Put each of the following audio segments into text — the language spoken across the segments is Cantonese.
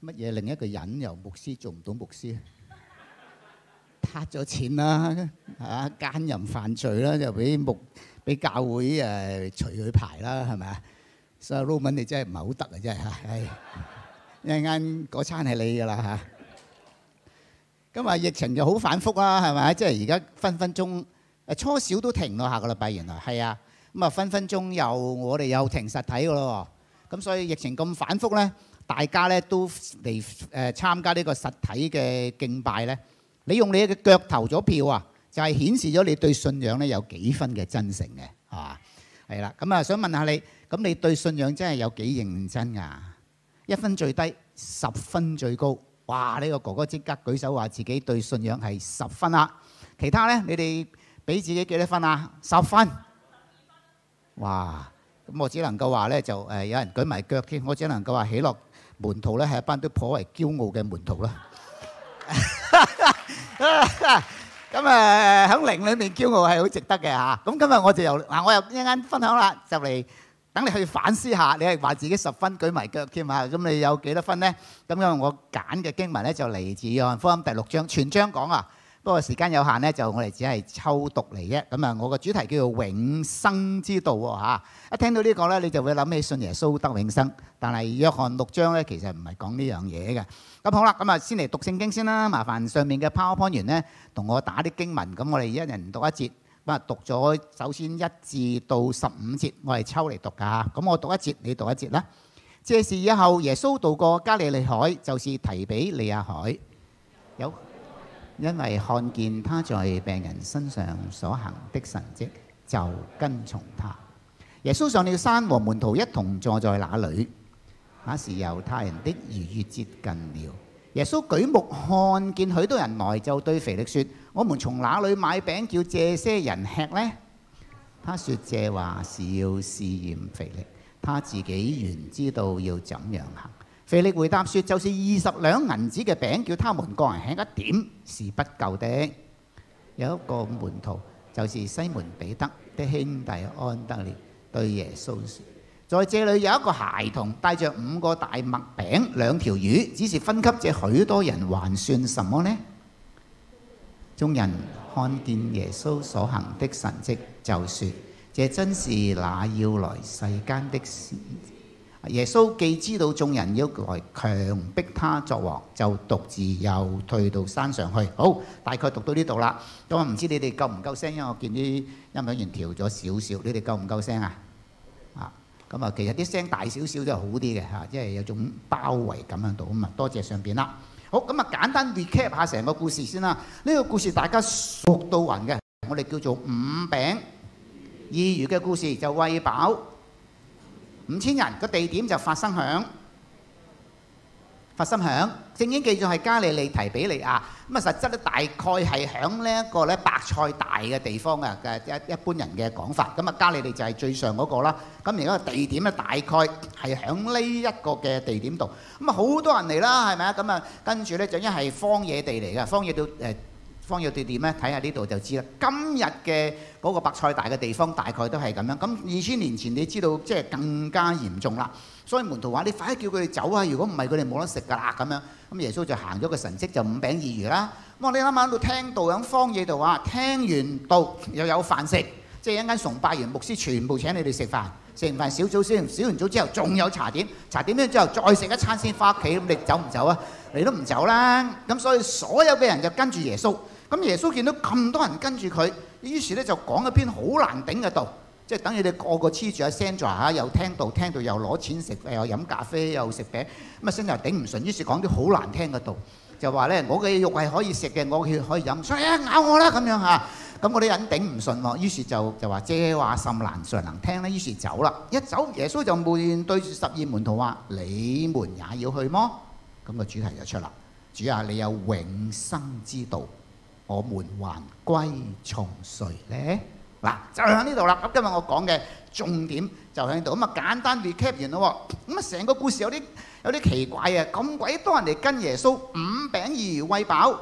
乜嘢另一個人由牧師做唔到牧師，貪咗錢啦，嚇奸淫犯罪啦，又俾牧俾教會誒除佢牌啦，係咪啊？所以 Roman 你真係唔係好得啊，真係嚇！一陣間嗰餐係你㗎啦嚇。咁啊，疫情就好反覆啦，係咪啊？即係而家分分鐘誒初小都停咗，下個禮拜原來係啊。咁啊，分分鐘又我哋又停實體㗎咯喎。咁所以疫情咁反覆咧。大家咧都嚟誒參加呢個實體嘅敬拜咧，你用你嘅腳投咗票啊，就係、是、顯示咗你對信仰咧有幾分嘅真誠嘅，係、啊、嘛？係啦，咁、嗯、啊想問下你，咁你對信仰真係有幾認真啊？一分最低，十分最高。哇！呢個哥哥即刻舉手話自己對信仰係十分啊。其他咧，你哋俾自己幾多分啊？十分。哇！咁我只能夠話咧就誒、呃、有人舉埋腳添，我只能夠話起落。門徒咧係一班都頗為驕傲嘅門徒啦。咁誒喺靈裏面驕傲係好值得嘅嚇。咁今日我就由嗱，我又啱啱分享啦，就嚟等你去反思下，你係話自己十分舉埋腳添啊？咁你有幾多分咧？咁因為我揀嘅經文咧就嚟自《約翰福音》第六章，全章講啊。不過時間有限呢，就我哋只係抽讀嚟啫。咁啊，我個主題叫做永生之道喎吓。一聽到呢個呢，你就會諗起信耶穌得永生。但係約翰六章呢，其實唔係講呢樣嘢嘅。咁好啦，咁啊先嚟讀聖經先啦。麻煩上面嘅 PowerPoint 員呢，同我打啲經文。咁我哋一人讀一節。咁啊，讀咗首先一至到十五節，我係抽嚟讀㗎。咁我讀一節，你讀一節啦。這事以後耶穌渡過加利利海，就是提比利亞海。有。因為看見他在病人身上所行的神蹟，就跟從他。耶穌上了山，和門徒一同坐在那裡。那時猶太人的逾越節近了。耶穌舉目看見許多人來就對腓力說：我們從哪裡買餅叫這些人吃呢？他說這話是要試驗腓力，他自己原知道要怎樣行。腓力回答說：就是二十兩銀子嘅餅，叫他們個人吃一點是不夠的。有一個門徒，就是西門彼得的兄弟安德烈，對耶穌說：在這裡有一個孩童帶着五個大麥餅、兩條魚，只是分給這許多人，還算什麼呢？眾人看見耶穌所行的神跡，就說：這真是那要來世間的事。耶穌既知道眾人要來強迫他作王，就獨自又退到山上去。好，大概讀到呢度啦。咁啊，唔知你哋夠唔夠聲？因為我見啲音響員調咗少少，你哋夠唔夠聲啊？啊，咁啊，其實啲聲大少少都係好啲嘅吓，即係有種包圍感喺度咁啊。多謝上邊啦。好，咁啊，簡單 recap 下成個故事先啦。呢個故事大家熟到暈嘅，我哋叫做五餅二魚嘅故事，就餵飽。五千人個地點就發生響，發生響。正經記住係加利利、提比利亞，咁啊實質咧大概係喺呢一個咧伯賽大嘅地方啊，嘅一一般人嘅講法。咁啊加利利就係最上嗰個啦。咁而嗰個地點咧大概係喺呢一個嘅地點度。咁啊好多人嚟啦，係咪啊？咁啊跟住咧就一係荒野地嚟嘅，荒野到誒。方要對點咧？睇下呢度就知啦。今日嘅嗰個白菜大嘅地方，大概都係咁樣。咁二千年前，你知道即係更加嚴重啦。所以門徒話：你快啲叫佢哋走啊！如果唔係，佢哋冇得食㗎啦咁樣。咁耶穌就行咗個神跡，就五餅二魚啦。我話你諗下喺度聽道，喺荒野度啊，聽完道又有飯食，即係一間崇拜完牧師，全部請你哋食飯。食完飯小組先，小完組，組之後仲有茶點，茶點完之後再食一餐先翻屋企。咁你走唔走啊？你都唔走啦，啊。咁所以所有嘅人就跟住耶穌。咁耶穌見到咁多人跟住佢，於是咧就講一篇好難頂嘅道，即係等於你個個黐住喺 Sandra 嚇，又聽到聽到又攞錢食，又飲咖啡又食餅，咁啊 Sandra 頂唔順，於是講啲好難聽嘅道，就話咧，我嘅肉係可以食嘅，我血可以飲，出嚟啊咬我啦咁樣嚇。咁我啲人頂唔順喎，於是就就話這話甚難誰能聽咧，於是走啦。一走耶穌就面對住十二門徒話：你們也要去麼？咁個主題就出啦。主啊，你有永生之道。我們還歸從誰呢？嗱，就喺呢度啦。咁今日我講嘅重點就喺度。咁啊，簡單 recap 完啦。咁啊，成個故事有啲有啲奇怪啊！咁鬼多人嚟跟耶穌，五餅二魚餵飽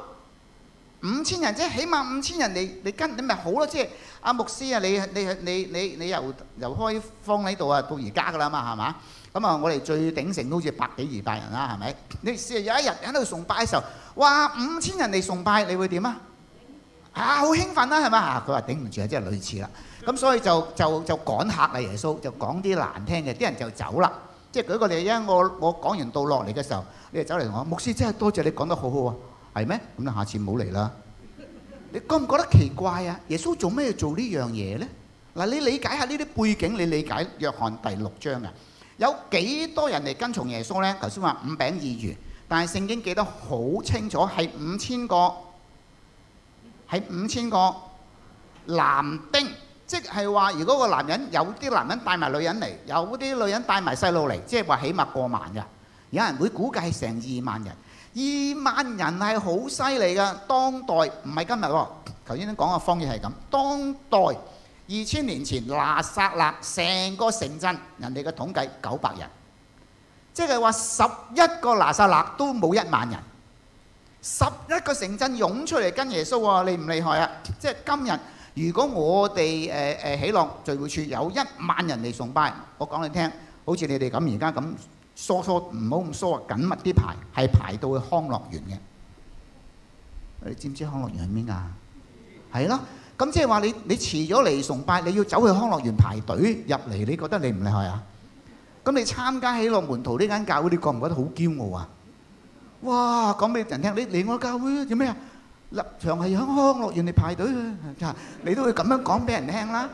五千人即係，起碼五千人嚟，你跟你咪好咯。即係阿牧師啊，你你你你你，你由由開荒喺度啊，到而家噶啦嘛，係嘛？咁啊，我哋最鼎盛都好似百幾二百人啦，係咪？你試試有一日喺度崇拜嘅時候，哇，五千人嚟崇拜，你會點啊？啊，好興奮啦，係咪啊？佢話頂唔住啊，即係類似啦。咁所以就就就趕客啦，耶穌就講啲難聽嘅，啲人就走啦。即係舉個例啫，我我講完道落嚟嘅時候，你就走嚟同我牧師，真係多謝你講得好好啊，係咩？咁你下次唔好嚟啦。你覺唔覺得奇怪啊？耶穌做咩要做呢樣嘢咧？嗱，你理解下呢啲背景，你理解約翰第六章啊？有幾多人嚟跟從耶穌咧？頭先話五餅二魚，但係聖經記得好清楚係五千個。係五千個男丁，即係話如果個男人有啲男人帶埋女人嚟，有啲女人帶埋細路嚟，即係話起碼過萬㗎。有人會估計係成二萬人，二萬人係好犀利㗎。當代唔係今日喎，頭先都講嘅方式係咁。當代二千年前拿撒勒成個城鎮，人哋嘅統計九百人，即係話十一個拿撒勒都冇一萬人。十一個城鎮湧出嚟跟耶穌啊！厲唔厲害啊！即係今日，如果我哋誒誒喜樂聚會處有一萬人嚟崇拜，我講你聽，好似你哋咁而家咁疏疏，唔好咁疏，緊密啲排，係排到去康樂園嘅。你知唔知康樂園喺邊啊？係咯，咁即係話你你遲咗嚟崇拜，你要走去康樂園排隊入嚟，你覺得你唔厲害啊？咁你參加喜樂門徒呢間教會，你覺唔覺得好驕傲啊？哇！講俾人聽，你嚟我教會做咩啊？立場氣亨亨，我願你排隊去。你都會咁樣講俾人聽啦。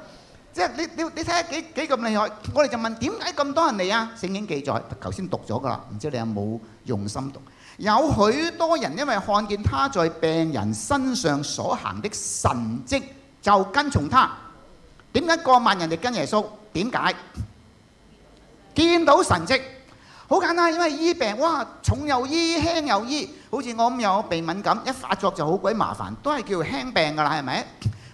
即係你你你睇下幾幾咁厲害。我哋就問，點解咁多人嚟啊？聖經記載，頭先讀咗㗎啦，唔知你有冇用心讀？有許多人因為看見他在病人身上所行的神蹟，就跟從他。點解過萬人嚟跟耶穌？點解？見到神蹟。好簡單，因為醫病哇，重又醫，輕又醫。好似我咁有鼻敏感，一發作就好鬼麻煩，都係叫輕病噶啦，係咪？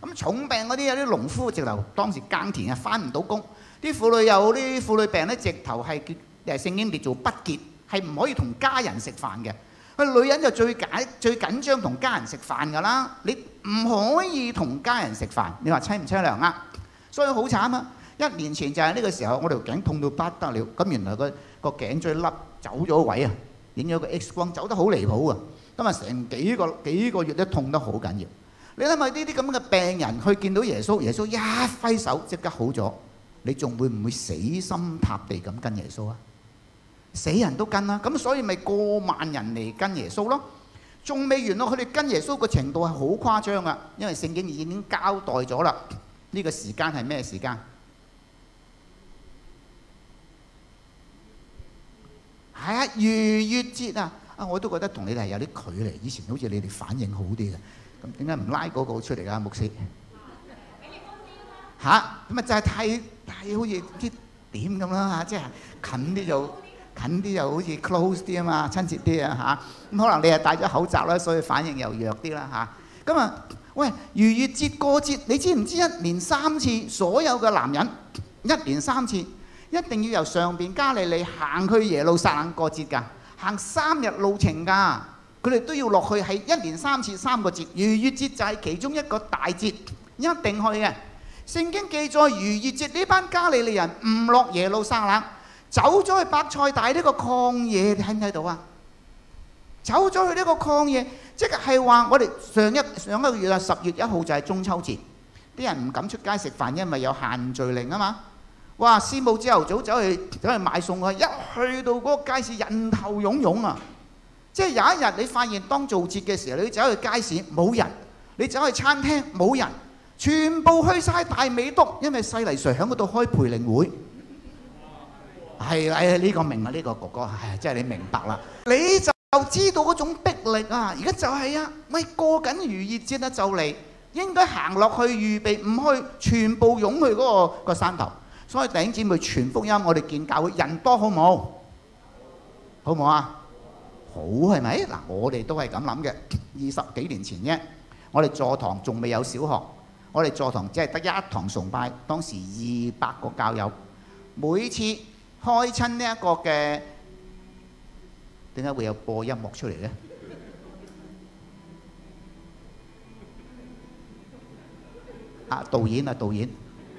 咁、嗯、重病嗰啲有啲農夫直頭當時耕田啊，翻唔到工；啲婦女有啲婦女病呢直頭係叫誒聖經列做不潔，係唔可以同家人食飯嘅。女人就最緊最緊張同家人食飯噶啦，你唔可以同家人食飯，你話差唔差量啊？所以好慘啊！一年前就係呢個時候，我條頸痛到不得了，咁原來佢。個頸椎甩走咗位啊，影咗個 X 光走得好離譜啊，今日成幾個幾個月都痛得好緊要。你諗下呢啲咁嘅病人去見到耶穌，耶穌一揮手即刻好咗，你仲會唔會死心塌地咁跟耶穌啊？死人都跟啦，咁所以咪過萬人嚟跟耶穌咯。仲未完咯，佢哋跟耶穌個程度係好誇張啊，因為聖經已經交代咗啦，呢個時間係咩時間？係啊，逾越節啊，啊我都覺得同你哋有啲距離。以前好似你哋反應好啲嘅，咁點解唔拉嗰個出嚟啊？牧師，嚇咁、嗯、啊，嗯、就係睇睇好似啲點咁啦嚇，即係近啲就近啲就好似 close 啲啊嘛，親切啲啊嚇。咁、啊嗯嗯、可能你係戴咗口罩啦，所以反應又弱啲啦嚇。咁啊，啊、嗯，喂，逾越節過節，你知唔知一年三次，所有嘅男人一年三次。一定要由上邊加利利行去耶路撒冷過節㗎，行三日路程㗎，佢哋都要落去係一年三次三個節，逾越節就係其中一個大節，一定去嘅。聖經記載逾越節呢班加利利人唔落耶路撒冷，走咗去伯賽大呢個曠野，你睇唔睇到啊？走咗去呢個曠野，即係話我哋上一上一個月啊，十月一號就係中秋節，啲人唔敢出街食飯，因為有限聚令啊嘛。哇！師母朝頭早走去走去買餸啊，一去到嗰個街市人頭湧湧啊，即係有一日你發現當做節嘅時候，你走去街市冇人，你走去餐廳冇人，全部去曬大美督，因為細泥瑞響嗰度開培靈會係啊！哎呀，呢個明啊，呢個哥哥係即係你明白啦，你就知道嗰種逼力啊！而家就係啊，咪過緊逾越節得就嚟，應該行落去預備唔去，全部湧去嗰個個山頭。所以弟兄姊妹，傳福音，我哋見教會人多好冇？好冇啊？好係咪？嗱，我哋都係咁諗嘅。二十幾年前啫，我哋座堂仲未有小學，我哋座堂只係得一堂崇拜，當時二百個教友，每次開親呢一個嘅點解會有播音樂出嚟咧？啊，導演啊，導演。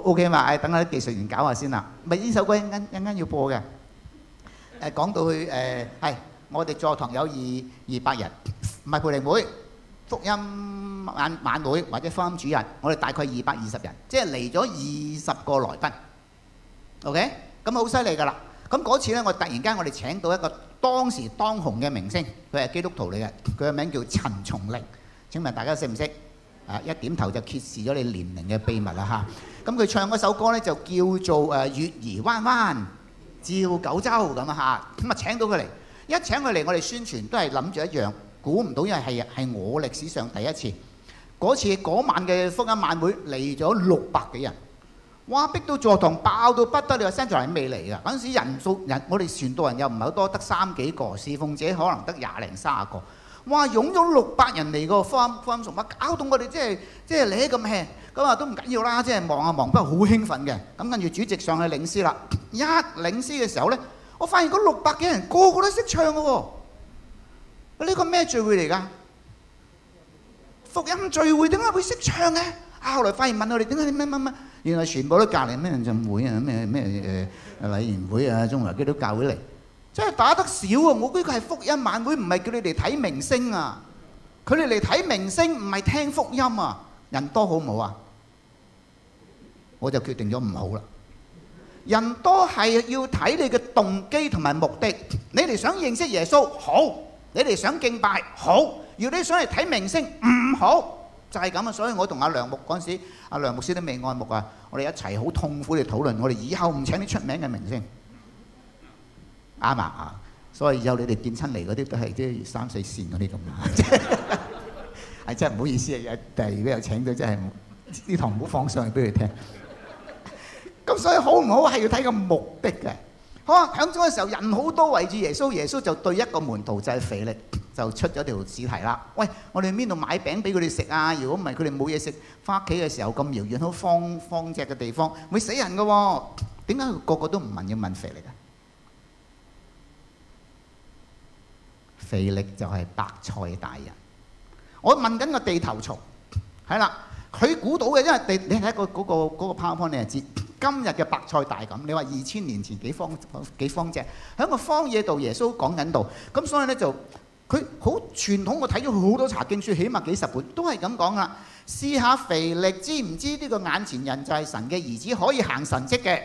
OK 嘛？誒，等下啲技術員搞下先啦。咪呢首歌一陣間一陣間要播嘅。誒，講到去誒係我哋座堂有二二百人，唔係培靈會福音晚晚會或者福音主任，我哋大概二百二十人，即係嚟咗二十個來賓。OK，咁啊好犀利㗎啦。咁嗰次咧，我突然間我哋請到一個當時當紅嘅明星，佢係基督徒嚟嘅，佢嘅名叫陳松伶。請問大家識唔識？啊！一點頭就揭示咗你年齡嘅秘密啦嚇。咁佢唱嗰首歌呢就叫做誒月兒彎彎照九州，咁啊嚇。咁啊請到佢嚟，一請佢嚟我哋宣傳都係諗住一樣，估唔到因為係係我歷史上第一次。嗰次嗰晚嘅福音晚會嚟咗六百幾人，哇逼到座堂爆到不得了，聲台未嚟啊！嗰陣時人數人我哋船渡人又唔係好多，得三幾個侍奉者可能得廿零三十個。哇！湧咗六百人嚟個福音崇，咪搞到我哋即係即係呢咁輕，咁啊都唔緊要啦，即係望啊望，不過好興奮嘅。咁跟住主席上去領詩啦，一領詩嘅時候咧，我發現嗰六百幾人個個都識唱嘅喎。呢個咩聚會嚟㗎？福音聚會點解會識唱嘅？啊，後來發現問我哋點解啲乜乜乜，原來全部都隔離咩人浸會啊，咩咩誒禮賢會啊，中華基督教會嚟。真係打得少啊！我估佢係福音晚會，唔係叫你哋睇明星啊！佢哋嚟睇明星，唔係聽福音啊！人多好唔好啊？我就決定咗唔好啦。人多係要睇你嘅動機同埋目的。你哋想認識耶穌好，你哋想敬拜好，如果你想嚟睇明星唔好，就係咁啊！所以我同阿梁牧嗰陣時，阿梁牧師都未按牧啊，我哋一齊好痛苦地討論，我哋以後唔請啲出名嘅明星。啱啊，所以有你哋見親嚟嗰啲都係，即係三四線嗰啲咁啊，係真唔好意思啊！但係如果又請到，真係呢堂唔好放上去俾佢聽。咁所以好唔好係要睇個目的嘅。好啊，響咗嘅時候人好多圍住耶穌，耶穌就對一個門徒就係腓力，就出咗條試題啦。喂，我哋邊度買餅俾佢哋食啊？如果唔係，佢哋冇嘢食，翻屋企嘅時候咁遙遠，好荒荒隻嘅地方會死人嘅喎。點解個個都唔問要問腓力㗎？肥力就係白菜大人，我問緊個地頭蟲，係啦，佢估到嘅，因為地你睇、那個嗰、那個嗰、那個、PowerPoint 你就知今日嘅白菜大咁，你話二千年前幾方幾方隻喺個荒野度，耶穌講緊度，咁所以咧就佢好傳統，我睇咗好多查經書，起碼幾十本都係咁講啦。試下肥力知唔知呢個眼前人就係神嘅兒子，可以行神蹟嘅，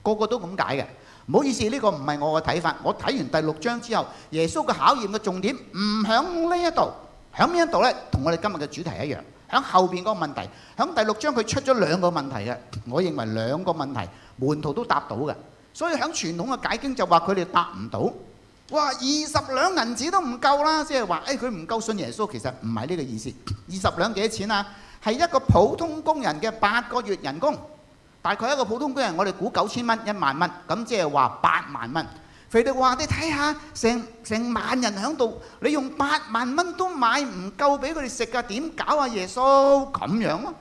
個個都咁解嘅。唔好意思，呢個唔係我嘅睇法。我睇完第六章之後，耶穌嘅考驗嘅重點唔響呢一度，響邊一度呢，同我哋今日嘅主題一樣，響後面個問題。響第六章佢出咗兩個問題嘅，我認為兩個問題門徒都答到嘅。所以響傳統嘅解經就話佢哋答唔到。哇，二十兩銀子都唔夠啦，即係話誒佢唔夠信耶穌，其實唔係呢個意思。二十兩幾多錢啊？係一個普通工人嘅八個月人工。大概一個普通工人，我哋估九千蚊、一萬蚊咁，即係話八萬蚊。肥力話：你睇下，成成萬人喺度，你用八萬蚊都買唔夠俾佢哋食㗎，點搞啊？耶穌咁樣咯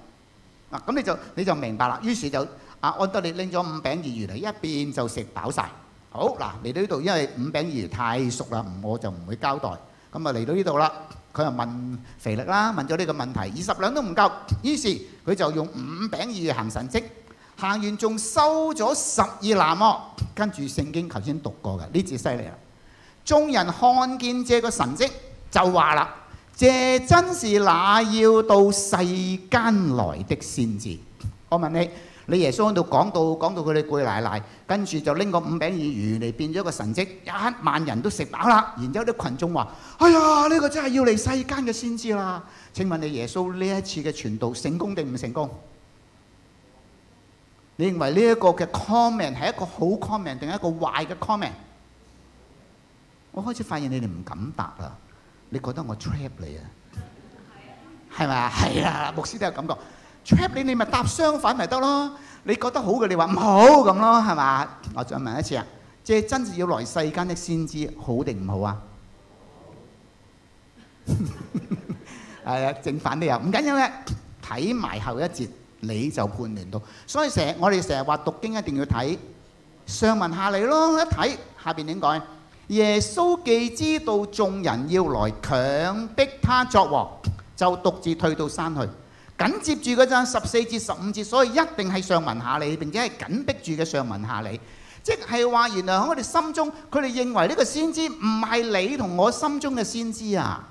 嗱，咁你就你就明白啦。於是就啊，安德烈拎咗五餅二魚嚟，一變就食飽晒。好嗱，嚟到呢度，因為五餅二魚太熟啦，我就唔會交代。咁啊嚟到呢度啦，佢啊問肥力啦，問咗呢個問題，二十兩都唔夠。於是佢就用五餅二魚行神跡。行完仲收咗十二籃，跟住聖經頭先讀過嘅呢節犀利啦！眾人看見這個神跡，就話啦：，這真是那要到世間來的先知。我問你，你耶穌喺度講到講到佢哋攰奶奶，跟住就拎個五餅二魚嚟變咗個神跡，一萬人都食飽啦。然之後啲群眾話：，哎呀，呢個真係要嚟世間嘅先知啦！請問你耶穌呢一次嘅傳道成功定唔成功？認為呢一個嘅 comment 係一個好 comment 定係一個壞嘅 comment？我開始發現你哋唔敢答啦。你覺得我 trap 你啊？係咪？係啊，牧師都有感覺 trap 你，你咪答相反咪得咯。你覺得好嘅，你話唔好咁咯，係嘛？我再問一次啊，即係真正要來世間的先知好定唔好啊？係啊，正反都有，唔緊要嘅，睇埋後一節。你就判斷到，所以成日我哋成日話讀經一定要睇上文下理咯，一睇下邊點解，耶穌既知道眾人要來強逼他作王，就獨自退到山去。緊接住嗰陣十四至十五節，所以一定係上文下理，並且係緊逼住嘅上文下理。即係話原來喺我哋心中，佢哋認為呢個先知唔係你同我心中嘅先知啊。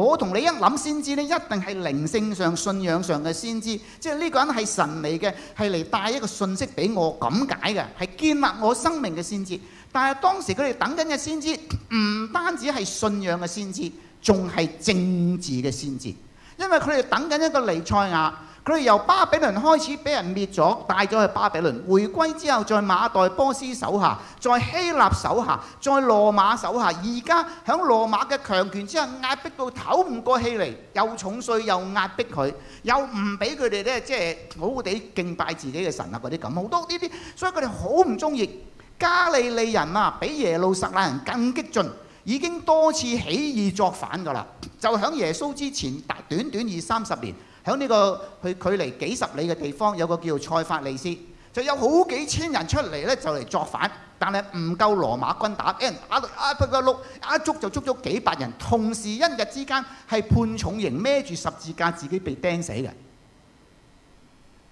我同你一諗先知咧，一定係靈性上、信仰上嘅先知，即係呢個人係神嚟嘅，係嚟帶一個信息俾我咁解嘅，係建立我生命嘅先知。但係當時佢哋等緊嘅先知，唔單止係信仰嘅先知，仲係政治嘅先知，因為佢哋等緊一個彌賽亞。佢哋由巴比倫開始俾人滅咗，帶咗去巴比倫。回歸之後，在馬代波斯手下，在希臘手下，在羅馬手下。而家響羅馬嘅強權之下壓迫到唞唔過氣嚟，又重稅又壓迫佢，又唔俾佢哋呢，即係好好地敬拜自己嘅神啊嗰啲咁好多呢啲，所以佢哋好唔中意加利利人啊，比耶路撒冷人更激進，已經多次起義作反㗎啦。就響耶穌之前，大短短二三十年。喺呢個佢距離幾十里嘅地方，有個叫塞法利斯，就有好幾千人出嚟咧，就嚟作反，但係唔夠羅馬軍打，俾人打到啊，劈個碌啊，一捉就捉咗幾百人，同時一日之間係判重刑，孭住十字架自己被釘死嘅。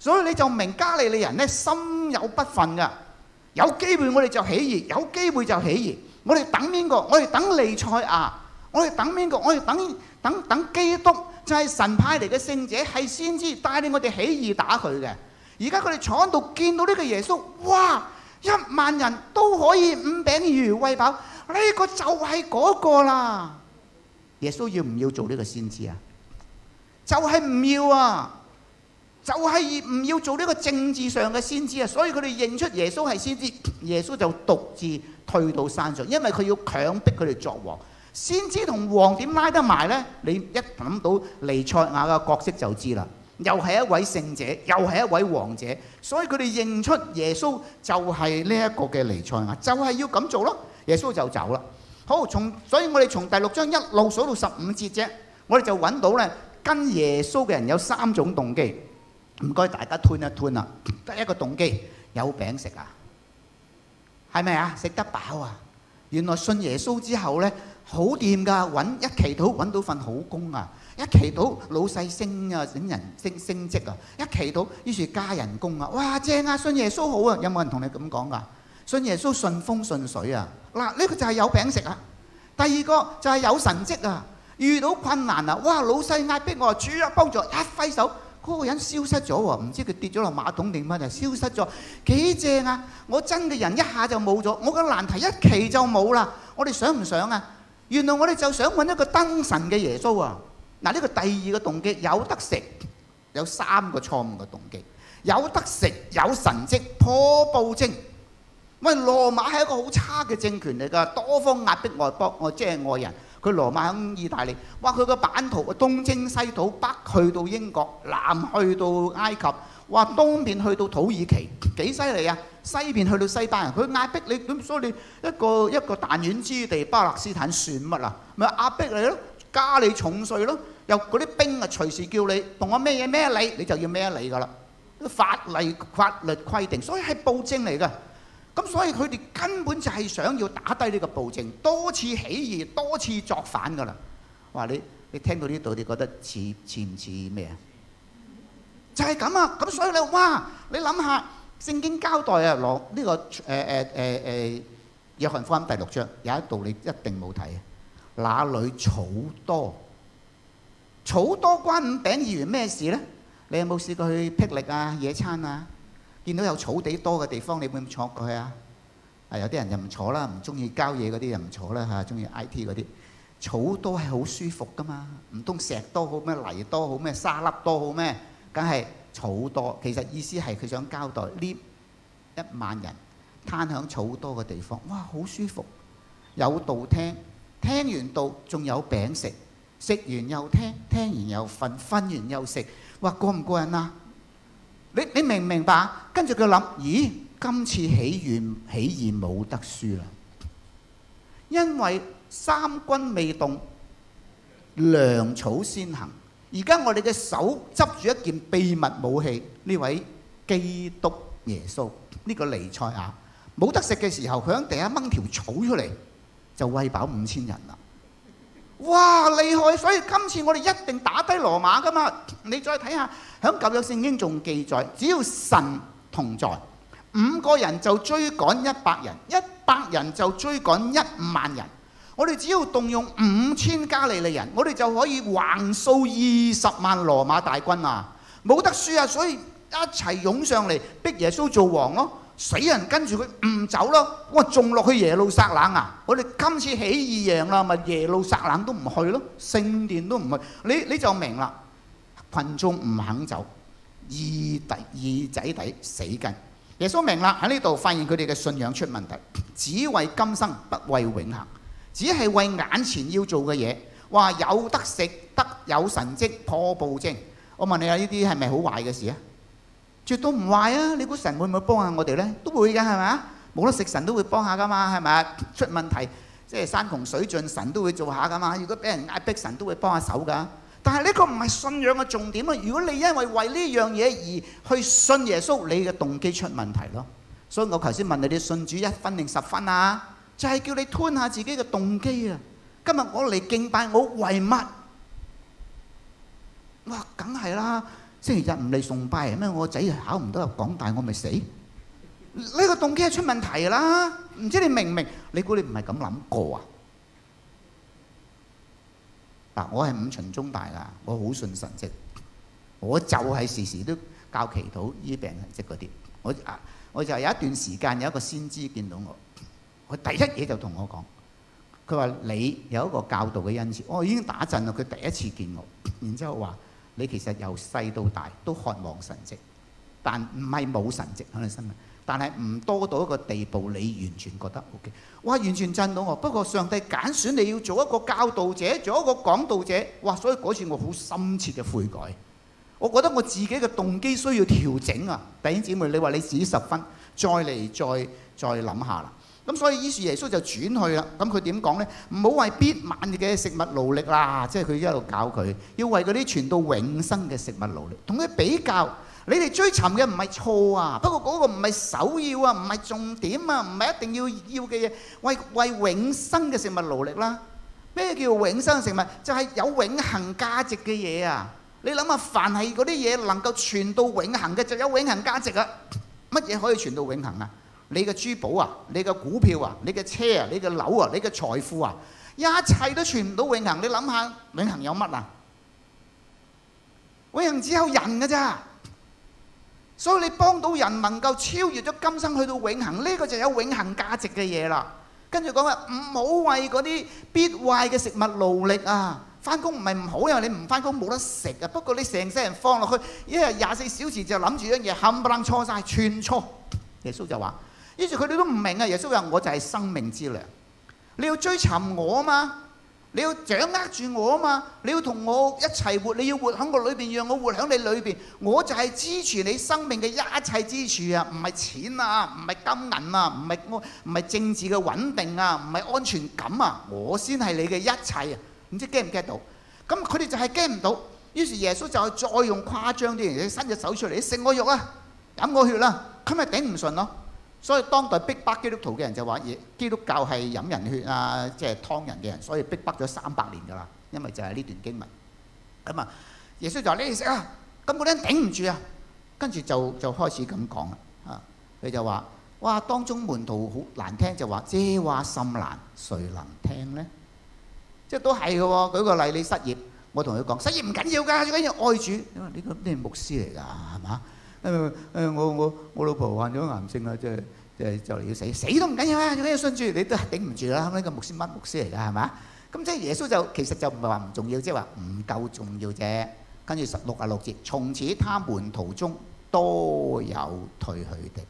所以你就明加利利人咧，心有不忿㗎，有機會我哋就起義，有機會就起義，我哋等邊個？我哋等彌賽亞，我哋等邊個？我哋等。等等，等基督就係、是、神派嚟嘅聖者，係先知帶領我哋起義打佢嘅。而家佢哋坐喺度見到呢個耶穌，哇！一萬人都可以五餅魚餵飽，呢、這個就係嗰個啦。耶穌要唔要做呢個先知啊？就係、是、唔要啊！就係、是、唔要做呢個政治上嘅先知啊。所以佢哋認出耶穌係先知，耶穌就獨自退到山上，因為佢要強迫佢哋作王。先知同王點拉得埋咧？你一諗到尼賽亞嘅角色就知啦。又係一位聖者，又係一位王者，所以佢哋認出耶穌就係呢一個嘅尼賽亞，就係要咁做咯。耶穌就走啦。好，從所以我哋從第六章一路數到十五節啫，我哋就揾到咧跟耶穌嘅人有三種動機。唔該大家吞一吞啊！第一個動機有餅食啊，係咪啊？食得飽啊！原來信耶穌之後咧。好掂㗎，揾一祈禱揾到份好工啊！一祈禱老細升啊，整人升升職啊！一祈禱於是加人工啊！哇正啊！信耶穌好啊！有冇人同你咁講㗎？信耶穌順風順水啊！嗱，呢個就係有餅食啊。第二個就係有神跡啊！遇到困難啊！哇，老細壓迫我，主啊，幫助，一揮手嗰個人消失咗喎，唔知佢跌咗落馬桶定乜就消失咗，幾正啊！我真嘅人一下就冇咗，我個難題一祈就冇啦。我哋想唔想啊？原來我哋就想搵一個燈神嘅耶穌啊！嗱，呢個第二個動機有得食，有三個錯誤嘅動機，有得食，有神蹟，破暴政。喂，羅馬係一個好差嘅政權嚟㗎，多方壓迫外邦，我即係外人。佢羅馬喺意大利，哇！佢個版圖東征西討，北去到英國，南去到埃及，哇！東面去到土耳其，幾犀利啊！西邊去到西丹人，佢壓逼你，咁所以你一個一個彈丸之地巴勒斯坦算乜啊？咪壓逼你咯，加你重稅咯，又嗰啲兵啊，隨時叫你同我咩嘢咩你，你就要咩你噶啦。法例法律規定，所以係暴政嚟嘅。咁所以佢哋根本就係想要打低呢個暴政，多次起義，多次作反噶啦。哇，你你聽到呢度，你覺得似似唔似咩啊？就係咁啊！咁所以你哇，你諗下。聖經交代啊，羅呢個誒誒誒誒約翰福音第六章有一道你一定冇睇嘅，那裏草多？草多關五餅二魚咩事咧？你有冇試過去霹靂啊、野餐啊？見到有草地多嘅地方，你會唔會坐過去啊？係有啲人就唔坐啦，唔中意郊野嗰啲就唔坐啦嚇，中意 IT，嗰啲草多係好舒服㗎嘛，唔通石多好咩？泥多好咩？沙粒多好咩？梗係。草多，其實意思係佢想交代，呢一萬人攤響草多嘅地方，哇，好舒服，有道聽，聽完道仲有餅食，食完又聽，聽完又瞓，瞓完又食，哇，過唔過癮啊？你你明唔明白？跟住佢諗，咦，今次起義起義冇得輸啦，因為三軍未動，糧草先行。而家我哋嘅手執住一件秘密武器，呢位基督耶穌，呢、這個尼賽亞冇得食嘅時候，佢響地下掹條草出嚟就餵飽五千人啦！哇，厲害！所以今次我哋一定打低羅馬㗎嘛！你再睇下，響舊約聖經仲記載，只要神同在，五個人就追趕一百人，一百人就追趕一萬人。我哋只要動用五千加利利人，我哋就可以橫掃二十萬羅馬大軍啊！冇得輸啊，所以一齊湧上嚟逼耶穌做王咯、啊。死人跟住佢唔走咯、啊。我仲落去耶路撒冷啊！我哋今次起義贏啦，咪耶路撒冷都唔去咯、啊，聖殿都唔去。你你就明啦，群眾唔肯走，二底二仔底死跟。耶穌明啦，喺呢度發現佢哋嘅信仰出問題，只為今生不為永恆。只係為眼前要做嘅嘢，話有得食得有神蹟破暴政。我問你啊，呢啲係咪好壞嘅事啊？絕對唔壞啊！你估神會唔會幫下我哋呢？都會噶，係咪啊？冇得食神都會幫下噶嘛，係咪？出問題即係山窮水盡，神都會做下噶嘛。如果俾人壓逼，神都會幫下手噶。但係呢個唔係信仰嘅重點啊！如果你因為為呢樣嘢而去信耶穌，你嘅動機出問題咯。所以我頭先問你哋信主一分定十分啊？就係叫你吞下自己嘅動機啊！今日我嚟敬拜，我為乜？哇，梗係啦！星期日唔嚟崇拜係咩？我個仔考唔到入港大，我咪死！呢個動機係出問題啦！唔知你明唔明？你估你唔係咁諗過啊？嗱、啊，我係五旬中大噶，我好信神跡，我就係時時都教祈禱、醫病、神跡嗰啲。我啊，我就有一段時間有一個先知見到我。佢第一嘢就同我講，佢話你有一個教導嘅恩賜。我、哦、已經打震啦。佢第一次見我，然之後話你其實由細到大都渴望神跡，但唔係冇神跡喺你身，但係唔多到一個地步，你完全覺得 OK。哇！完全震到我。不過上帝揀選你要做一個教導者，做一個講道者。哇！所以嗰次我好深切嘅悔改，我覺得我自己嘅動機需要調整啊！弟兄姐妹，你話你自己十分，再嚟再再諗下啦。咁所以於是耶穌就轉去啦。咁佢點講呢？唔好為必晚嘅食物勞力啦，即係佢一路教佢要為嗰啲存到永生嘅食物勞力。同佢比較，你哋追尋嘅唔係錯啊，不過嗰個唔係首要啊，唔係重點啊，唔係一定要要嘅嘢。為為永生嘅食物勞力啦。咩叫永生嘅食物？就係有永恆價值嘅嘢啊！你諗下，凡係嗰啲嘢能夠存到永恆嘅，就有永恆價值啊！乜嘢可以存到永恆啊？你嘅珠寶啊，你嘅股票啊，你嘅車啊，你嘅樓啊，你嘅財富啊，一切都存唔到永恆。你諗下，永恆有乜啊？永恆只有人㗎咋。所以你幫到人能夠超越咗今生去到永恆，呢、這個就有永恆價值嘅嘢啦。跟住講話唔好為嗰啲必壞嘅食物勞力啊！翻工唔係唔好呀，因為你唔翻工冇得食啊。不過你成世人放落去一日廿四小時就諗住一樣嘢冚唪唥錯晒，串錯。耶穌就話。於是佢哋都唔明啊！耶穌話：我就係生命之糧，你要追尋我啊嘛，你要掌握住我啊嘛，你要同我一齊活，你要活喺我裏邊，讓我活喺你裏邊。我就係支持你生命嘅一切支柱啊！唔係錢啊，唔係金銀啊，唔係我唔係政治嘅穩定啊，唔係安全感啊，我先係你嘅一切啊！唔知驚唔驚到？咁佢哋就係驚唔到。於是耶穌就再用誇張啲，你伸隻手出嚟，你食我肉啊，飲我血啦、啊，佢咪頂唔順咯。所以當代逼迫基督徒嘅人就話嘢，基督教係飲人血啊，即係劏人嘅人，所以逼迫咗三百年㗎啦。因為就係呢段經文咁啊、嗯，耶穌就話你哋食啊，咁嗰啲人頂唔住啊，跟住就就開始咁講啦啊，佢就話哇，當中門徒好難聽就話，這話甚難，誰能聽呢？即係都係嘅喎。舉個例，你失業，我同佢講失業唔緊要㗎，最緊要愛主，你話呢個咩牧師嚟㗎？係嘛？誒誒，我我我老婆患咗癌症啦，即係即係就嚟要死，死都唔緊要啊！咁樣信主，你都係頂唔住啦。咁呢個牧師乜牧師嚟㗎？係嘛？咁即係耶穌就其實就唔係話唔重要，即係話唔夠重要啫。跟住十六啊六節，從此他門徒中多有退去的，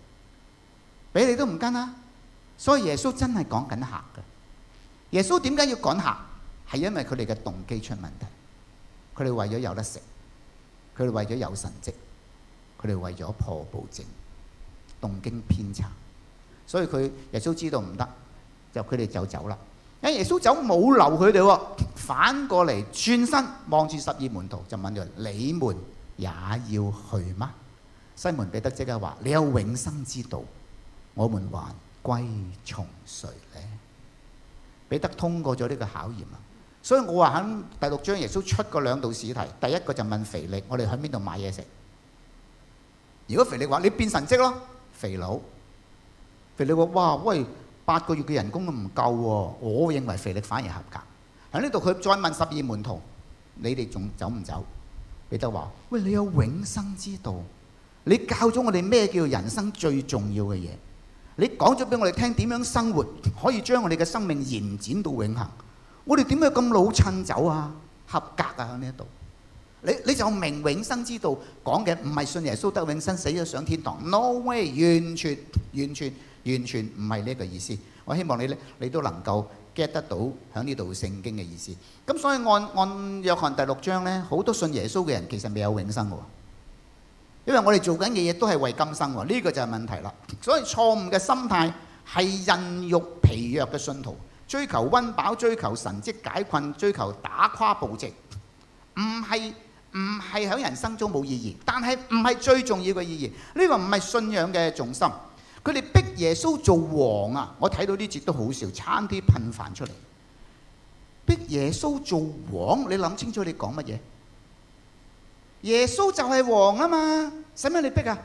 俾你都唔跟啦。所以耶穌真係講緊客嘅。耶穌點解要趕客？係因為佢哋嘅動機出問題。佢哋為咗有得食，佢哋為咗有神蹟。佢哋為咗破暴政，動機偏差，所以佢耶穌知道唔得，就佢哋就走啦。哎，耶穌走冇留佢哋喎，反過嚟轉身望住十二門徒就問佢：，你們也要去嗎？西門彼得即刻話：，你有永生之道，我們還歸從誰呢？」彼得通過咗呢個考驗啊！所以我話喺第六章，耶穌出過兩道試題，第一個就問腓力：，我哋喺邊度買嘢食？如果肥力話，你變神蹟咯，肥佬。肥力話：，哇，喂，八個月嘅人工都唔夠喎、啊。我認為肥力反而合格。喺呢度佢再問十二門徒：，你哋仲走唔走？彼得話：，喂，你有永生之道，你教咗我哋咩叫人生最重要嘅嘢？你講咗俾我哋聽點樣生活可以將我哋嘅生命延展到永恆？我哋點解咁老襯走啊？合格啊！喺呢度。你你就明永生之道講嘅唔係信耶穌得永生，死咗上天堂。No way，完全完全完全唔係呢個意思。我希望你咧，你都能夠 get 得到喺呢度聖經嘅意思。咁所以按按約翰第六章咧，好多信耶穌嘅人其實未有永生嘅，因為我哋做緊嘅嘢都係為今生喎。呢個就係問題啦。所以錯誤嘅心態係孕育疲弱嘅信徒，追求温飽，追求神蹟解困，追求打垮暴政，唔係。唔係喺人生中冇意義，但係唔係最重要嘅意義。呢個唔係信仰嘅重心。佢哋逼耶穌做王啊！我睇到呢節都好笑，差啲噴飯出嚟。逼耶穌做王，你諗清楚你講乜嘢？耶穌就係王啊嘛，使咩你逼啊？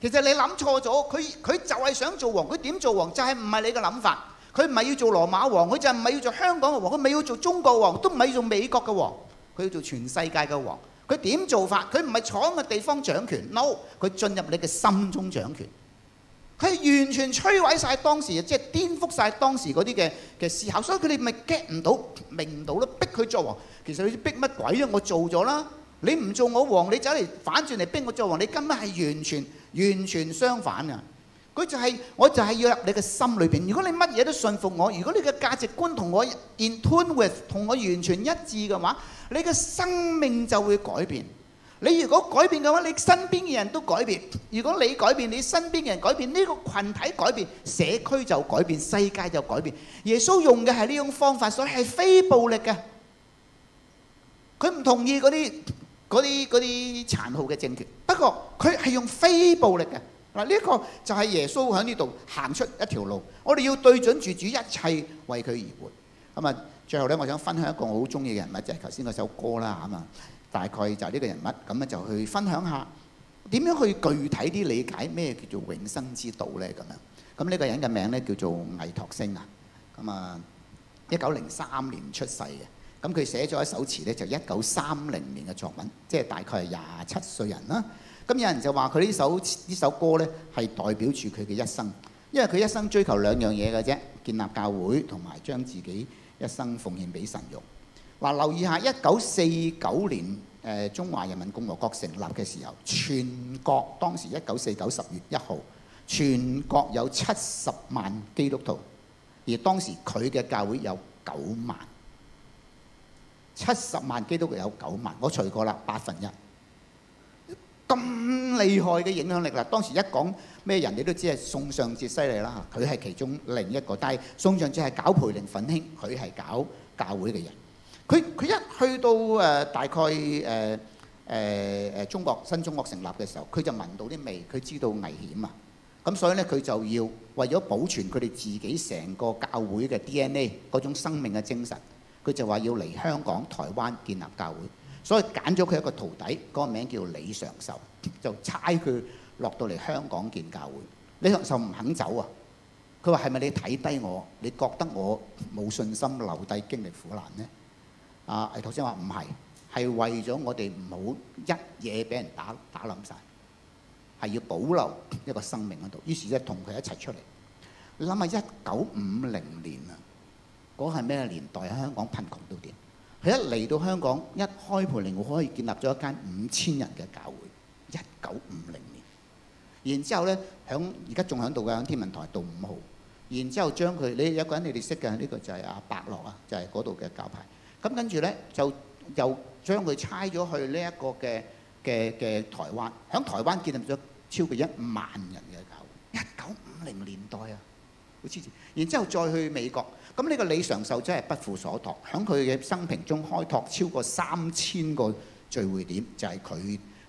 其實你諗錯咗，佢佢就係想做王，佢點做王就係唔係你嘅諗法。佢唔係要做羅馬王，佢就唔係要做香港嘅王，佢唔係要做中國王，都唔係要做美國嘅王。佢要做全世界嘅王，佢點做法？佢唔係坐喺個地方掌權，no，佢進入你嘅心中掌權。佢係完全摧毀晒當時，即係顛覆晒當時嗰啲嘅嘅思考，所以佢哋咪 get 唔到，明唔到咯。逼佢做王，其實你逼乜鬼啊？我做咗啦，你唔做我王，你走嚟反轉嚟逼我做王，你根本係完全完全相反㗎。佢就係我就係要入你嘅心裏邊。如果你乜嘢都信服我，如果你嘅價值觀同我 in tune with 同我完全一致嘅話，你嘅生命就會改變。你如果改變嘅話，你身邊嘅人都改變。如果你改變，你身邊嘅人改變，呢個羣體改變，社區就改變，世界就改變。耶穌用嘅係呢種方法，所以係非暴力嘅。佢唔同意嗰啲嗰啲嗰啲殘酷嘅政權，不過佢係用非暴力嘅嗱。呢個就係耶穌喺呢度行出一條路。我哋要對準住主一切，為佢而活係嘛！最後咧，我想分享一個我好中意嘅人物，即係頭先嗰首歌啦嚇嘛。大概就係呢個人物咁咧，就去分享下點樣去具體啲理解咩叫做永生之道呢。咁樣。咁呢個人嘅名咧叫做魏拓星啊。咁啊，一九零三年出世嘅。咁佢寫咗一首詞咧，就一九三零年嘅作品，即係大概係廿七歲人啦。咁有人就話佢呢首呢首歌咧係代表住佢嘅一生，因為佢一生追求兩樣嘢嘅啫，建立教會同埋將自己。一生奉獻俾神用，話留意下一九四九年誒中華人民共和國成立嘅時候，全國當時一九四九十月一號，全國有七十萬基督徒，而當時佢嘅教會有九萬，七十萬基督徒有九萬，我除過啦八分一，咁厲害嘅影響力啦，當時一講。咩人你都知係宋尚節犀利啦，佢係其中另一個。但係宋尚節係搞培靈奮興，佢係搞教會嘅人。佢佢一去到誒、呃、大概誒誒、呃呃、中國新中國成立嘅時候，佢就聞到啲味，佢知道危險啊。咁所以呢，佢就要為咗保存佢哋自己成個教會嘅 DNA 嗰種生命嘅精神，佢就話要嚟香港、台灣建立教會。所以揀咗佢一個徒弟，個名叫李常受，就猜佢。落到嚟香港建教會，呢個就唔肯走啊！佢話：係咪你睇低我？你覺得我冇信心留低經歷苦難咧？啊！頭先話唔係，係為咗我哋唔好一嘢俾人打打冧曬，係要保留一個生命喺度。於是咧同佢一齊出嚟。你諗下，一九五零年啊，嗰係咩年代啊？喺香港貧窮到點？佢一嚟到香港一開盤，令我可以建立咗一間五千人嘅教會。一九五零。然之後咧，響而家仲響度㗎，響天文台道五號。然之後將佢，你有個人你哋識㗎，呢個就係阿伯樂啊，就係嗰度嘅教派。咁跟住咧，就又將佢拆咗去呢一個嘅嘅嘅台灣。響台灣建立咗超過一萬人嘅教會。一九五零年代啊，好黐線。然之後再去美國，咁呢個李常受真係不負所託。響佢嘅生平中開拓超過三千個聚會點，就係佢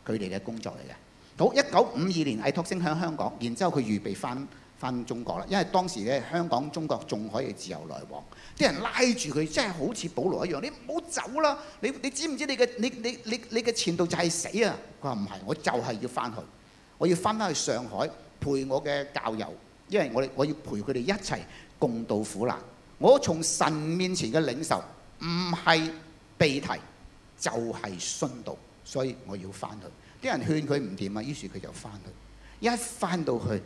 佢哋嘅工作嚟嘅。好，一九五二年，倪柝聲喺香港，然之後佢預備翻翻中國啦，因為當時嘅香港中國仲可以自由來往，啲人拉住佢，真係好似保羅一樣，你唔好走啦！你你知唔知你嘅你你你你嘅前途就係死啊？佢話唔係，我就係要翻去，我要翻返去上海陪我嘅教友，因為我哋我要陪佢哋一齊共度苦難。我從神面前嘅領受唔係被提，就係殉道，所以我要翻去。啲人勸佢唔掂啊，於是佢就翻去，一翻到去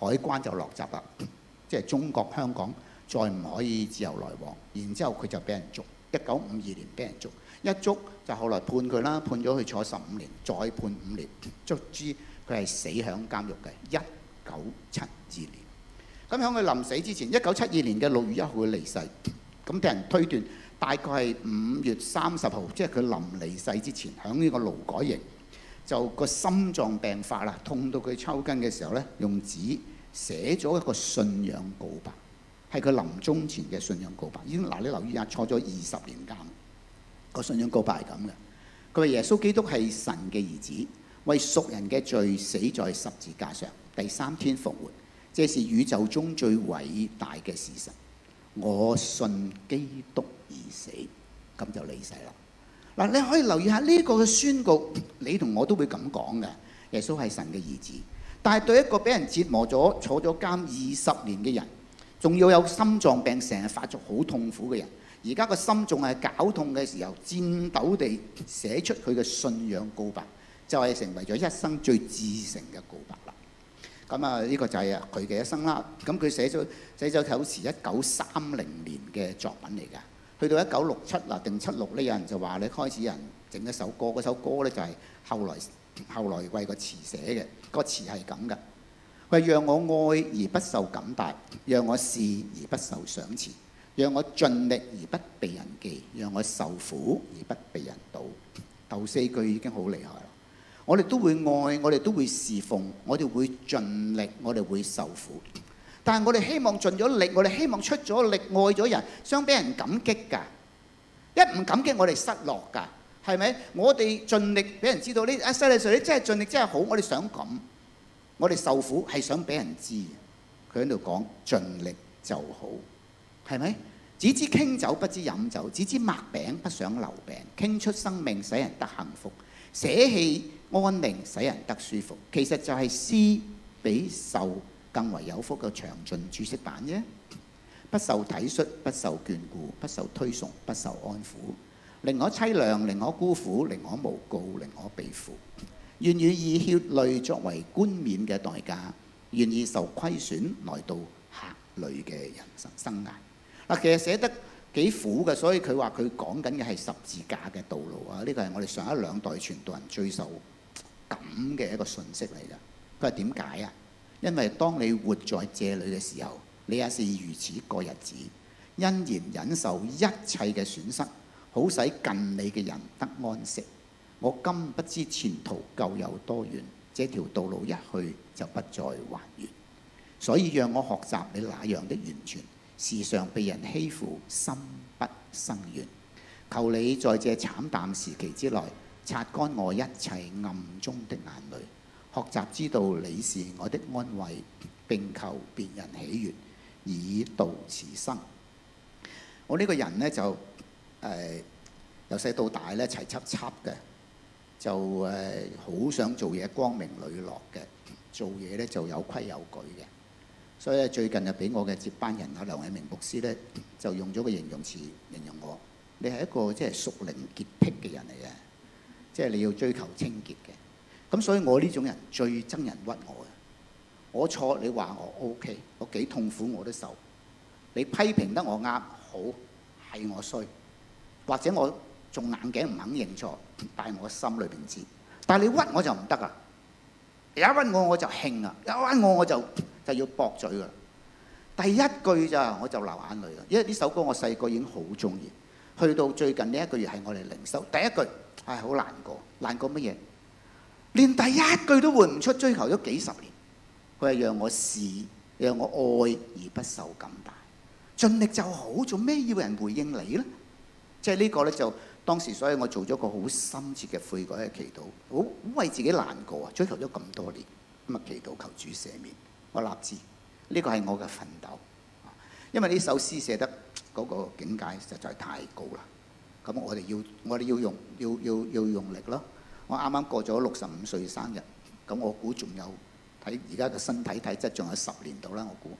海關就落閘啦， 即係中國香港再唔可以自由來往。然之後佢就俾人捉，一九五二年俾人捉，一捉就後來判佢啦，判咗佢坐十五年，再判五年，卒之佢係死響監獄嘅一九七二年。咁喺佢臨死之前，一九七二年嘅六月一號佢離世。咁啲人推斷大概係五月三十號，即係佢臨離世之前，響呢個勞改營。就個心臟病發啦，痛到佢抽筋嘅時候呢，用紙寫咗一個信仰告白，係佢臨終前嘅信仰告白。已經，嗱你留意下，坐咗二十年監，個信仰告白係咁嘅。佢話耶穌基督係神嘅兒子，為熟人嘅罪死在十字架上，第三天復活，這是宇宙中最偉大嘅事實。我信基督而死，咁就離世啦。嗱，你可以留意下呢，這個嘅宣告，你同我都會咁講嘅。耶穌係神嘅兒子，但係對一個俾人折磨咗、坐咗監二十年嘅人，仲要有心臟病成日發作、好痛苦嘅人，而家個心仲係絞痛嘅時候，顫抖地寫出佢嘅信仰告白，就係、是，成為咗一生最至誠嘅告白啦。咁啊，呢個就係佢嘅一生啦。咁佢寫咗寫咗好似一九三零年嘅作品嚟㗎。去到一九六七，嗱定七六呢，有人就話你開始有人整一首歌。嗰首歌呢，就係後來後來為個詞寫嘅，個詞係咁嘅。佢話：讓我愛而不受感戴，讓我侍而不受賞賜，讓我盡力而不被人記，讓我受苦而不被人妒。頭四句已經好厲害啦！我哋都會愛，我哋都會侍奉，我哋會盡力，我哋會受苦。但係我哋希望盡咗力，我哋希望出咗力愛咗人，想俾人感激㗎。一唔感激我哋失落㗎，係咪？我哋盡力俾人知道呢？阿細 Sir，你、啊、Sir，你真係盡力，真係好。我哋想咁，我哋受苦係想俾人知。佢喺度講盡力就好，係咪？只知傾酒不知飲酒，只知抹餅不想留餅，傾出生命使人得幸福，捨棄安寧使人得舒服。其實就係施比受。更為有福嘅詳盡注釋版啫，不受體恤，不受眷顧，不受推崇，不受安撫，令我淒涼，令我孤苦，令我無告，令我悲苦。願意以血淚作為冠冕嘅代價，願意受虧損來到客旅嘅人生生涯。嗱，其實寫得幾苦嘅，所以佢話佢講緊嘅係十字架嘅道路啊！呢個係我哋上一兩代傳道人最受咁嘅一個信息嚟㗎。佢係點解啊？因為當你活在這裏嘅時候，你也是如此過日子，欣然忍受一切嘅損失，好使近你嘅人得安息。我今不知前途究有多遠，這條道路一去就不再還原。所以讓我學習你那樣的完全，時常被人欺負，心不生怨。求你在這慘淡時期之內，擦乾我一切暗中的眼淚。學習知道你是我的安慰，並求別人喜悅以度此生。我呢個人呢，就誒由細到大咧齊七七嘅，就誒好、呃、想做嘢光明磊落嘅，做嘢咧就有規有矩嘅。所以咧最近就俾我嘅接班人啊梁啟明牧師咧就用咗個形容詞形容我，你係一個即係屬靈潔癖嘅人嚟嘅，即係你要追求清潔嘅。咁所以，我呢種人最憎人屈我嘅。我錯，你話我 OK，我幾痛苦我都受。你批評得我啱，好係我衰，或者我仲硬頸唔肯認錯，但係我心裏邊知。但係你屈我就唔得啊！一屈我我就興啊，一屈我我就就要駁嘴㗎。第一句咋我就流眼淚㗎，因為呢首歌我細個已經好中意，去到最近呢一個月係我哋靈修第一句，唉好難過，難過乜嘢？連第一句都換唔出，追求咗幾十年，佢係讓我試，讓我愛而不受感大。盡力就好，做咩要人回應你呢？即係呢個呢，就當時，所以我做咗個好深切嘅悔改嘅祈禱，好好為自己難過啊！追求咗咁多年，咁啊祈禱求主赦免，我立志呢、呢個係我嘅奮鬥，因為呢首詩寫得嗰個境界實在太高啦，咁我哋要我哋要用要要要用力咯。我啱啱過咗六十五歲生日，咁我估仲有睇而家嘅身體體質，仲有十年到啦。我估，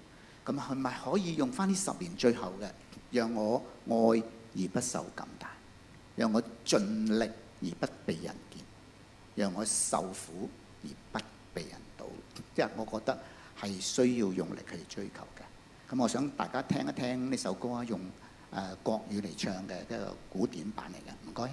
咁係咪可以用翻呢十年最後嘅，讓我愛而不受感戴，讓我盡力而不被人見，讓我受苦而不被人妒。即係我覺得係需要用力去追求嘅。咁我想大家聽一聽呢首歌啊，用誒國語嚟唱嘅，一個古典版嚟嘅。唔該。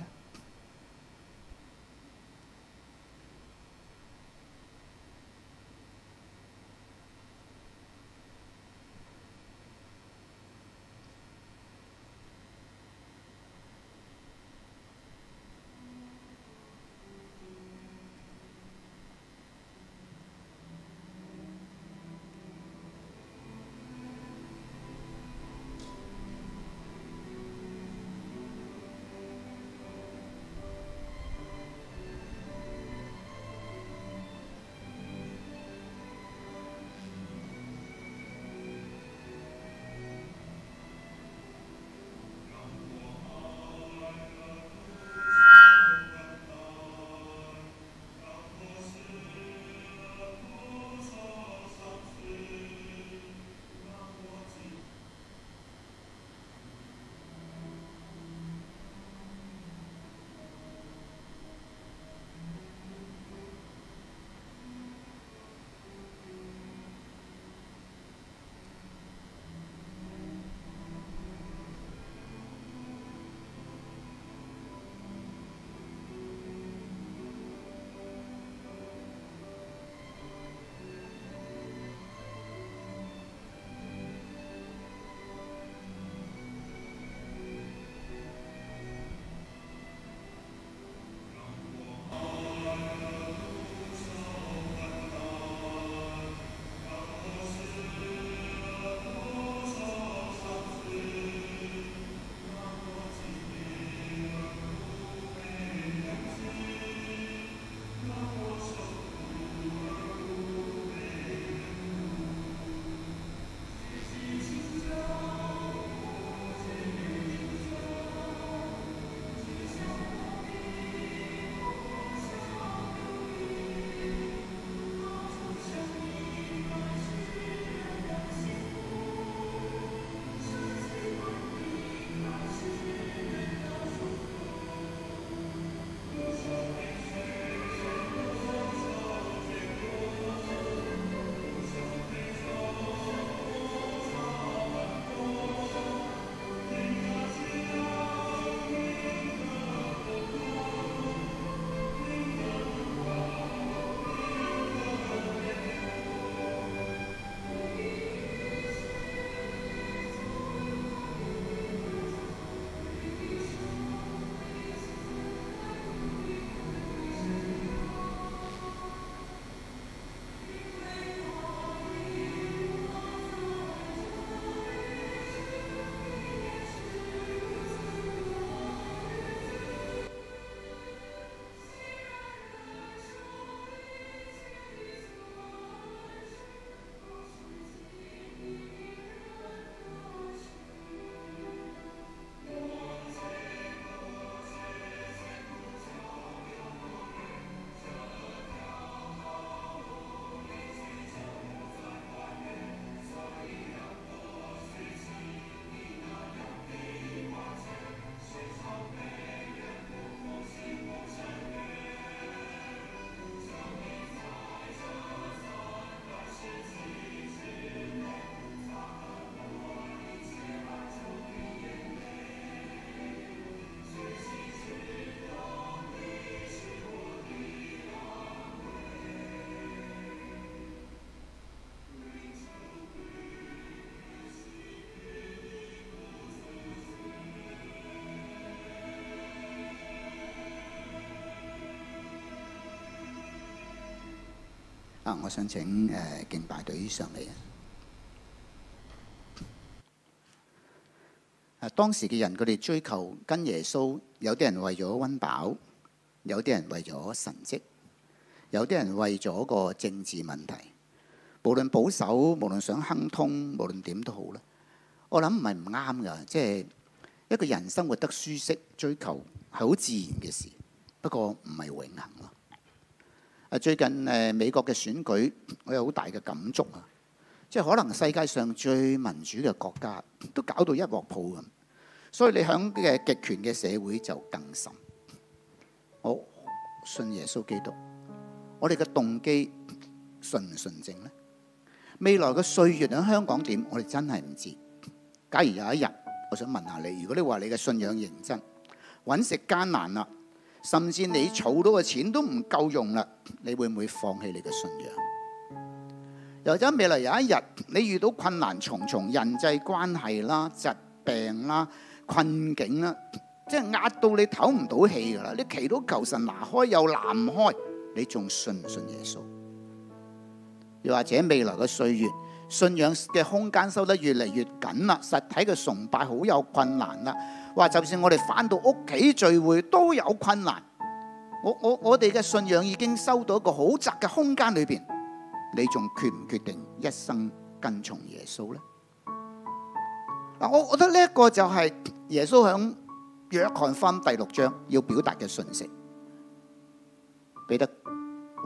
我想請誒敬拜隊上嚟。啊，當時嘅人佢哋追求跟耶穌，有啲人為咗溫飽，有啲人為咗神蹟，有啲人為咗個政治問題。無論保守，無論想亨通，無論點都好咧，我諗唔係唔啱噶。即係一個人生活得舒適，追求係好自然嘅事，不過唔係永恆咯。啊！最近誒、呃、美國嘅選舉，我有好大嘅感觸啊！即係可能世界上最民主嘅國家，都搞到一鑊泡咁，所以你喺嘅極權嘅社會就更深。我信耶穌基督，我哋嘅動機純唔純正咧？未來嘅歲月喺香港點？我哋真係唔知。假如有一日，我想問下你：如果你話你嘅信仰認真，揾食艱難啦。甚至你儲到嘅錢都唔夠用啦，你會唔會放棄你嘅信仰？又或者未來有一日你遇到困難重重、人際關係啦、疾病啦、困境啦，即係壓到你唞唔到氣㗎啦，你祈禱求神拿開又拿唔開，你仲信唔信耶穌？又或者未來嘅歲月，信仰嘅空間收得越嚟越緊啦，實體嘅崇拜好有困難啦。話就算我哋返到屋企聚會都有困難，我我我哋嘅信仰已經收到一個好窄嘅空間裏邊，你仲決唔決定一生跟從耶穌咧？嗱，我我覺得呢一個就係耶穌響約翰福音第六章要表達嘅訊息。彼得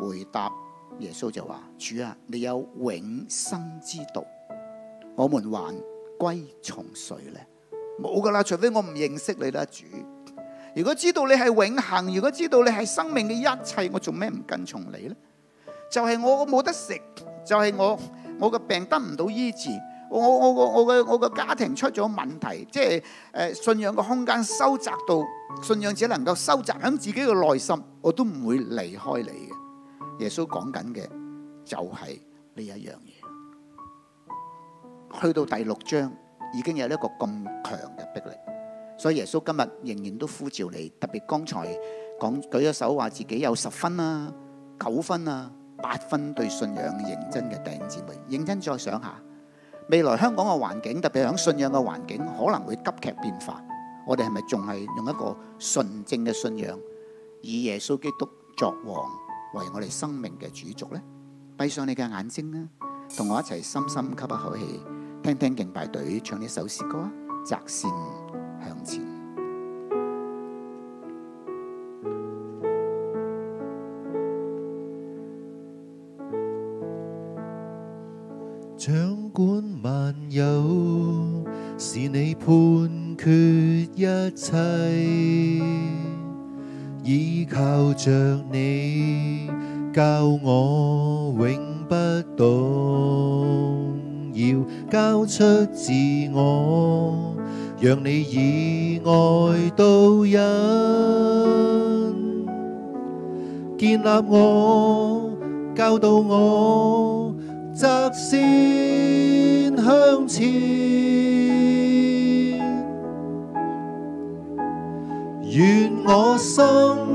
回答耶穌就話：主啊，你有永生之道，我們還歸從誰咧？冇噶啦，除非我唔認識你啦，主。如果知道你係永恒，如果知道你係生命嘅一切，我做咩唔跟從你呢？就係我冇得食，就係我我個病得唔到醫治，我我我嘅我嘅家庭出咗問題，即係誒，信仰嘅空間收窄到，信仰只能夠收窄喺自己嘅內心，我都唔會離開你嘅。耶穌講緊嘅就係呢一樣嘢。去到第六章。已經有一個咁強嘅迫力，所以耶穌今日仍然都呼召你。特別剛才講舉咗手話自己有十分啦、九分啦、八分對信仰認真嘅弟兄姊妹，認真再想下未來香港嘅環境，特別喺信仰嘅環境，可能會急劇變化。我哋係咪仲係用一個純正嘅信仰，以耶穌基督作王，為我哋生命嘅主族呢？閉上你嘅眼睛啦，同我一齊深深吸一口氣。聽聽敬拜隊唱呢首詩歌啊，擲線向前。掌管萬有，是你判決一切，倚靠著你教我。交出自我，讓你以愛導引，建立我，教導我，擇先向前。願我心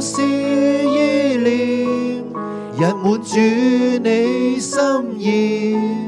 思依念，日滿主你心意。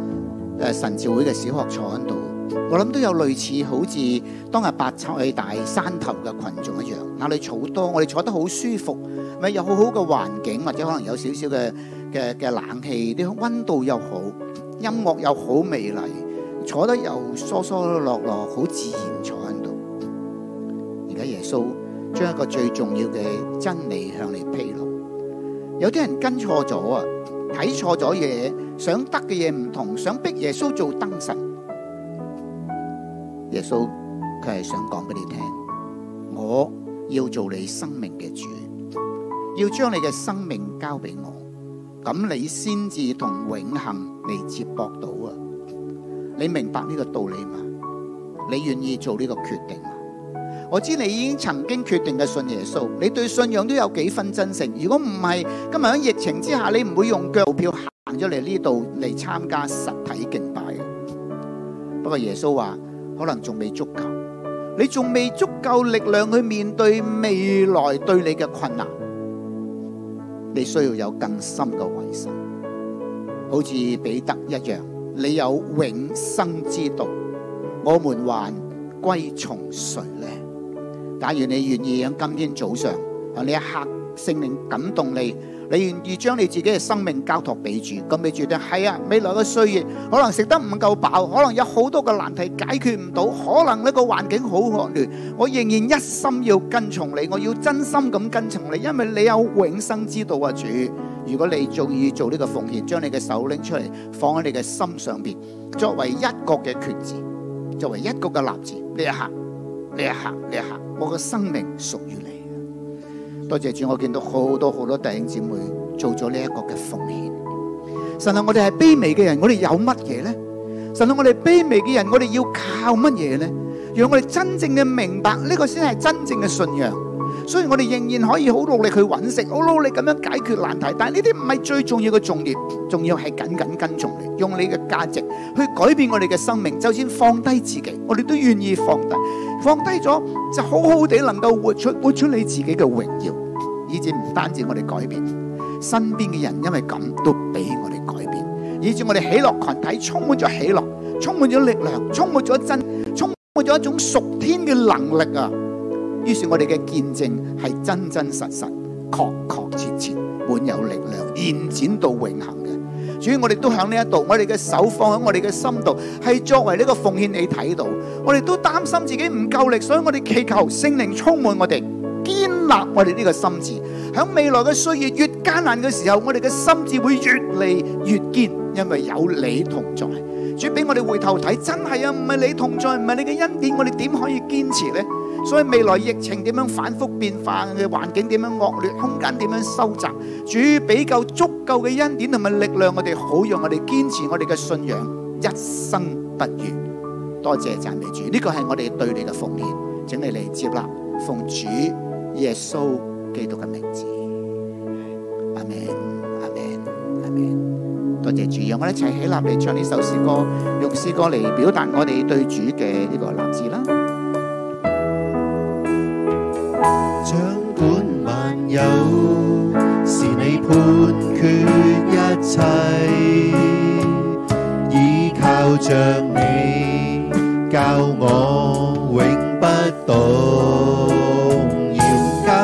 誒，神召會嘅小學坐喺度，我諗都有類似好似當日八湊喺大山頭嘅群眾一樣，那裏草多，我哋坐得好舒服，咪有好好嘅環境，或者可能有少少嘅嘅嘅冷氣，啲溫度又好，音樂又好，美麗，坐得又疏疏落落，好自然坐喺度。而家耶穌將一個最重要嘅真理向你披露，有啲人跟錯咗啊，睇錯咗嘢。想得嘅嘢唔同，想逼耶穌做燈神。耶穌佢係想講俾你聽，我要做你生命嘅主，要將你嘅生命交俾我，咁你先至同永恆嚟接駁到啊！你明白呢個道理嘛？你願意做呢個決定嘛？我知你已經曾經決定嘅信耶穌，你對信仰都有幾分真誠。如果唔係，今日喺疫情之下，你唔會用腳票。行咗嚟呢度嚟參加實體敬拜，不過耶穌話可能仲未足夠，你仲未足夠力量去面對未來對你嘅困難，你需要有更深嘅委身，好似彼得一樣，你有永生之道，我們還歸從誰呢？假如你願意喺今天早上，喺呢一刻聖靈感動你。你願意將你自己嘅生命交託俾主，咁你決定係啊，未來嘅歲月可能食得唔夠飽，可能有好多嘅難題解決唔到，可能呢個環境好惡劣，我仍然一心要跟從你，我要真心咁跟從你，因為你有永生之道啊，主！如果你仲要做呢個奉獻，將你嘅手拎出嚟，放喺你嘅心上邊，作為一國嘅決志，作為一國嘅立志，呢一刻，呢一刻，呢一刻，我嘅生命屬於你。多謝主，我見到好多好多弟兄姊妹做咗呢一個嘅奉獻。神啊，我哋係卑微嘅人，我哋有乜嘢咧？神啊，我哋卑微嘅人，我哋要靠乜嘢咧？讓我哋真正嘅明白呢個先係真正嘅信仰。所以我哋仍然可以好努力去揾食，好努力咁樣解決難題。但係呢啲唔係最重要嘅重點，重要係緊緊跟從你，用你嘅價值去改變我哋嘅生命。就算放低自己，我哋都願意放低。放低咗就好好地能夠活出活出你自己嘅榮耀。以至唔單止我哋改變身邊嘅人，因為咁都俾我哋改變，以至我哋喜樂群體充滿咗喜樂，充滿咗力量，充滿咗真，充滿咗一種屬天嘅能力啊！於是我哋嘅見證係真真實實、確確切切、滿有力量，延展到永恆嘅。所以我哋都喺呢一度，我哋嘅手放喺我哋嘅心度，係作為呢個奉獻你睇到。我哋都擔心自己唔夠力，所以我哋祈求聖靈充滿我哋。建立我哋呢個心智，響未來嘅需要越艱難嘅時候，我哋嘅心智會越嚟越堅，因為有你同在。主俾我哋回頭睇，真係啊，唔係你同在，唔係你嘅恩典，我哋點可以堅持呢？所以未來疫情點樣反復變化嘅環境，點樣惡劣，空間點樣收窄，主俾夠足夠嘅恩典同埋力量，我哋好讓我哋堅持我哋嘅信仰，一生不渝。多謝讚美主，呢、呢個係我哋對你嘅奉獻，請你嚟接納，奉主。耶穌基督嘅名字，阿門，阿門，阿門，多謝主，讓我一齊起立嚟唱呢首詩歌，用詩歌嚟表達我哋對主嘅呢個立志啦。掌管萬有，是你判決一切，倚靠著你，教我永不倒。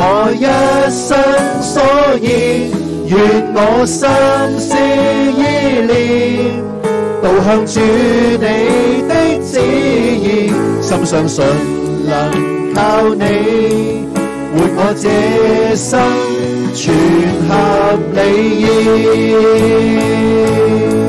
我一生所願，願我心思依念，導向主你的旨意，心上信能靠你，活我這生全合你意。